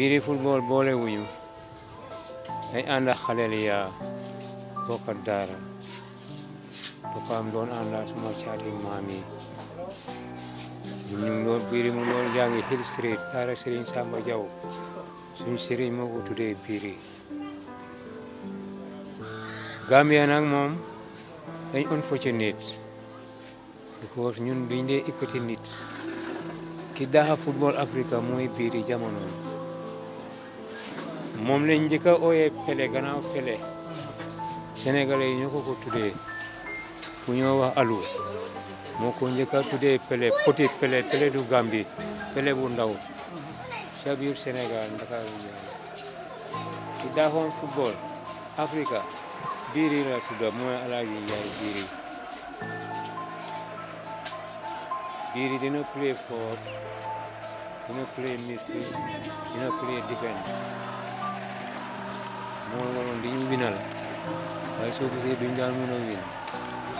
beautiful football bole wuñu day anda ak xaleel yaa bokka daara bokkaam doon ànd ak suma caati maam yi ñu doon biri mu doon Hill Street daara Serigne Samba Diaw suñ Serigne today ko tuddee biiri Gambia moom dañ unfortunate because ñun biñ dee écouté nit ki football Africa Mui biri jamono moom lañ njëkk a ooyee Pelé gannaaw Pelé sénégalais yi ñoo ko ko tuddee ku ñoo wax alu moo ko njëkk a tuddee Pelé petit Pelé Pelé du Gambie Pelé bu ndaw ca biir Sénégal Ndakaaru Njaay ki daaxoon football Africa biiri la tudda mooy Alaaji Njaay biiri biiri dina play fort dina play midfield dina play defense moo noon dañu winal waaye soo gisee duñ daan mën win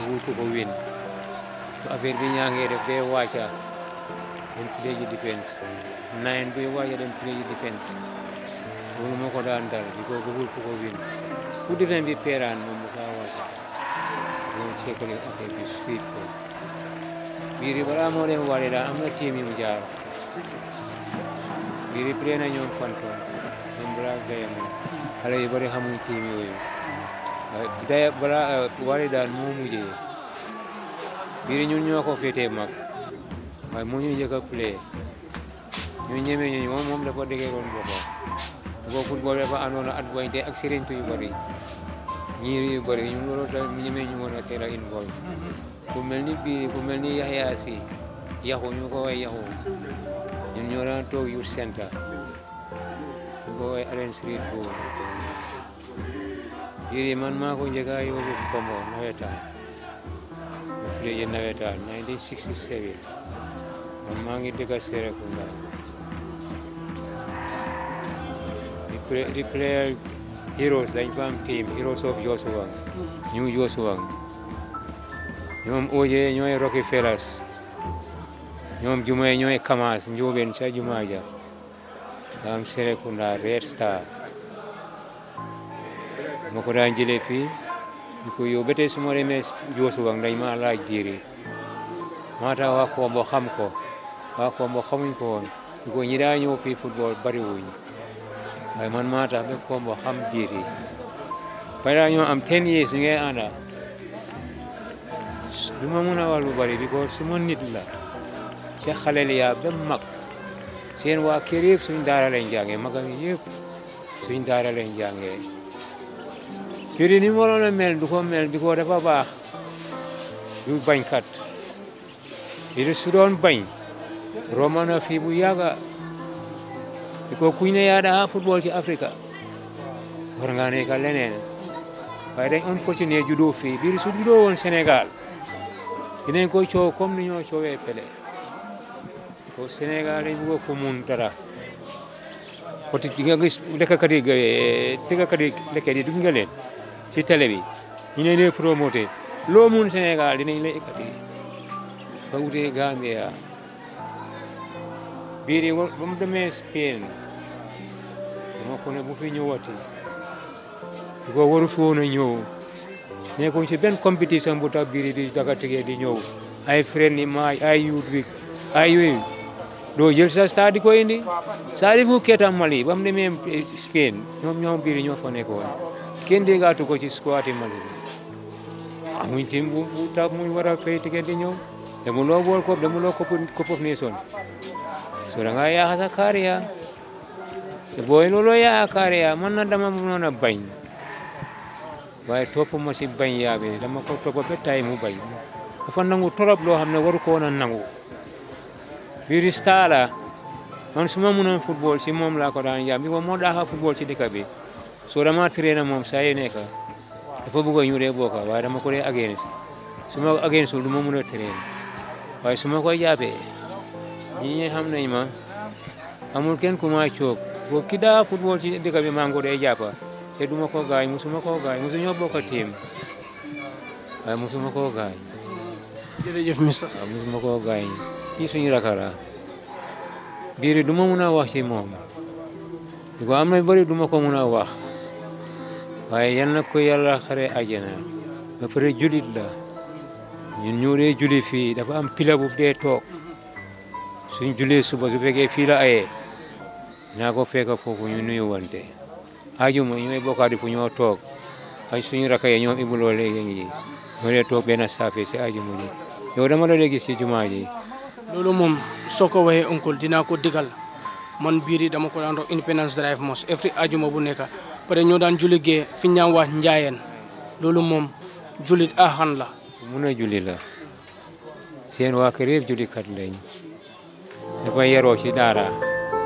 wul ko ko win su affaire bi ñaangee def day wàcca play ji defense nain bay wàcca dem play ji defense loolu mau kau daan dal di ko kau ko ko win fu defense bi peeraan mau mu kaa wàcca moom sekkale affaire bi suite ko biiri balaa moo leen wàlle daal am na téemi mu jaar biiri play na moom balaa gayam la xale yu bëri xamuñ tiim yooyu daya daan moo mujjee biir ñun ñoo ko féetee mag waaye moo ñu njëkk a play ñu ñeme ñu moom moom dafa dëgëroon boppam boo football dafa àndoon at bañ te ak sëriñtu yu bëri ñiir yu bëri ñu loolu ñu ñu woon involve ku mel ni biir ku mel ni Yaxya Si yaxu ñu ko way yaxu ñun ñoo daan toog yu senta ko Allen street bo yiri man ma ko njega yo kombo nawetan mo fuleje nawetan 1967 man ma ngi dega sere ko nda the player heroes dañ fam team heroes of Josuang ñu Josuang ñoom oje ñooy Rockefellers ñoom jumaye ñooy Kamas njóobeen ca jumaa ja am sere kuna rare star da njile fi ko yo bete sumore mes josu wang dai ma la giri mata wa ko mo xam ko wa ko mo xamuñ ko won ko da fi football bari wuñ ay man mata be ko mo xam giri para ñoo am 10 years ngay eh, ana, duma mëna walu bari because sumo nit la ci xalel ya be mak sen wakirip sun dara lañ jange magam yëpp suñ daara lañ jàngee ni mo waroon mel du ko mel di ko dafa ba du kat juri su doon bañ romano fi bu yaga di ko kuñ ne football ci africa war ngaa nekk leneen waaye dañ unfortuné judo fi biir su judoo woon sénégal ko cho comme ni ñoo wé e pele ko Sénégal yi boo ko mun dara peut être di nga gis lekkakat yi tëggakat eh, yi lekkee di dugg nga leen ci télé bi ñu ne leen promoté loo mun Sénégal dinañ la ekkati fa wutee Gambia biir yi ba mu demee Spain dama ko ne bu fi ñëwati di ko waru fi woon a ñëw nekkuñ ci benn compétition bu tax biir yi di daga tëgee di ñëw ay friend yi maaj ay youth week ay yooyu doo jël sa ko indi Salifou Keita Mali ba mu demee Spain ñoom ñoom biir ñoo fa nekkoon kenn déggaatu ko ci squati Mali bi amuñ tim bu ta muñ war a fay ticket di ñëw demuloo World Cup demuloo Cup of Nations so da ngaa yaaxa sa carrière te booy looloo yaaxa carrière man na dama mënoon a bañ waaye topp ma si bañ yaa bi dama ko topp ba tay mu bañ dafa nangu trop loo xam ne waru ko woon nangu Biri man su ma mënoon football si moom laa ko daan jàng bi moom moo daaxa football ci dëkk bi soo dama traîné moom saa yu nekk dafa ñu dee bokk waaye dama ko dee against su ma against du ma mën a traîné waaye su ma koy jàppee ñi ñi xam nañ ma amul kenn ku ma coog ki daa football ci dëkk bi maa ngi ko dee jàpp te du ma ko gaañ suma ko gaañ musu ñoo bokk team waaye musuma ko gaañ jërëjëf ko gaañ kii suñu rakk biir du ma mun a wax si moom di ko am na bëri du ko mun a wax waaye yal na ko yàlla xare àjjana ba pare julit la ñun ñoo juli fii dafa am pila bu dee toog suñ julee suba su fekkee fii la ayee naa ko fekk foofu ñu nuyu wante ajuma ñooy fu ñoo toog ak suñu rakk yi ñoom ibuloo ñoo dee toog benn saafe si ajuma ji dama la dee si jumaa loolu moom soo ko waxee oncle dinaa ko digal man biir yi dama ko daan dox Independence Drive mos every ajuma bu nekk pare ñoo daan julli gee fi ñaan wax njaayeen loolu moom jullit axan la mun a julli la seen waa kër yëpp jullikat lañ dafa yaroo ci daara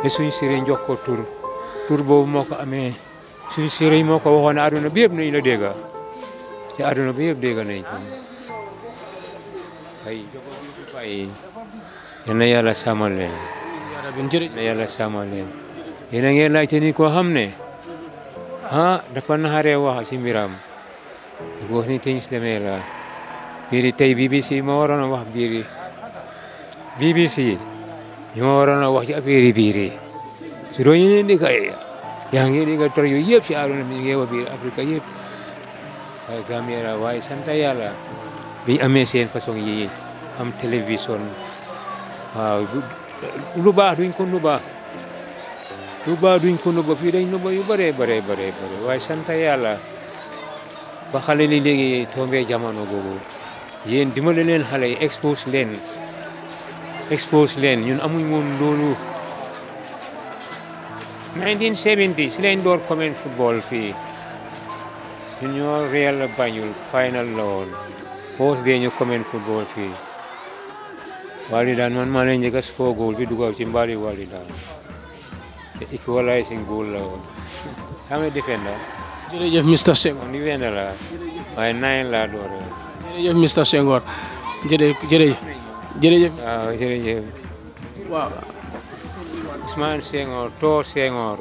te suñ sëriñ jox ko tur tur boobu moo ko amee suñ sëriñ moo ko waxoon aduna bi yëpp nañ la dégga te aduna bi yëpp dégga nañ ay yal na yàlla sàmmal leen na yàlla sàmmal leen yéen koo xam ne ah dafa naxaree wax ci mbiram wax ni teñis demee la biiri tey BBC moo waroon a wax biiri BBC ñoo waroon a wax ci affaire biiri su doon yeneen di kay yaa ngi di nga tor yooyu yëpp ci àdduna bi ngi wax biir Afrique yëpp waaye Gambie la waaye sant yàlla biñ amee seen façon yi am télévision waaw lu baax duñ ko nubaa lu baax duñ ko nuba fii dañ nuba yu baree bëree bëree bëri waaye sant yàlla ba xale li léegi tombé jamono googu yéen dimbale leen xale yi expose leen expose leen ñun amuñ woon loolu 1970 si lañ door common football fii ñun ñoo Real Banjul final la woon foos dee ñu common football fii Wali dan man bi duga gasikogo olviduga wali dan equalizing goal lao hame defender jeuf Mr sengor ni wenda la way nine la door jeuf Mr jere jere jeuf jërëjëf jere jeuf ah, waaw Ousmane sengor to sengor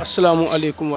assalamu aleykum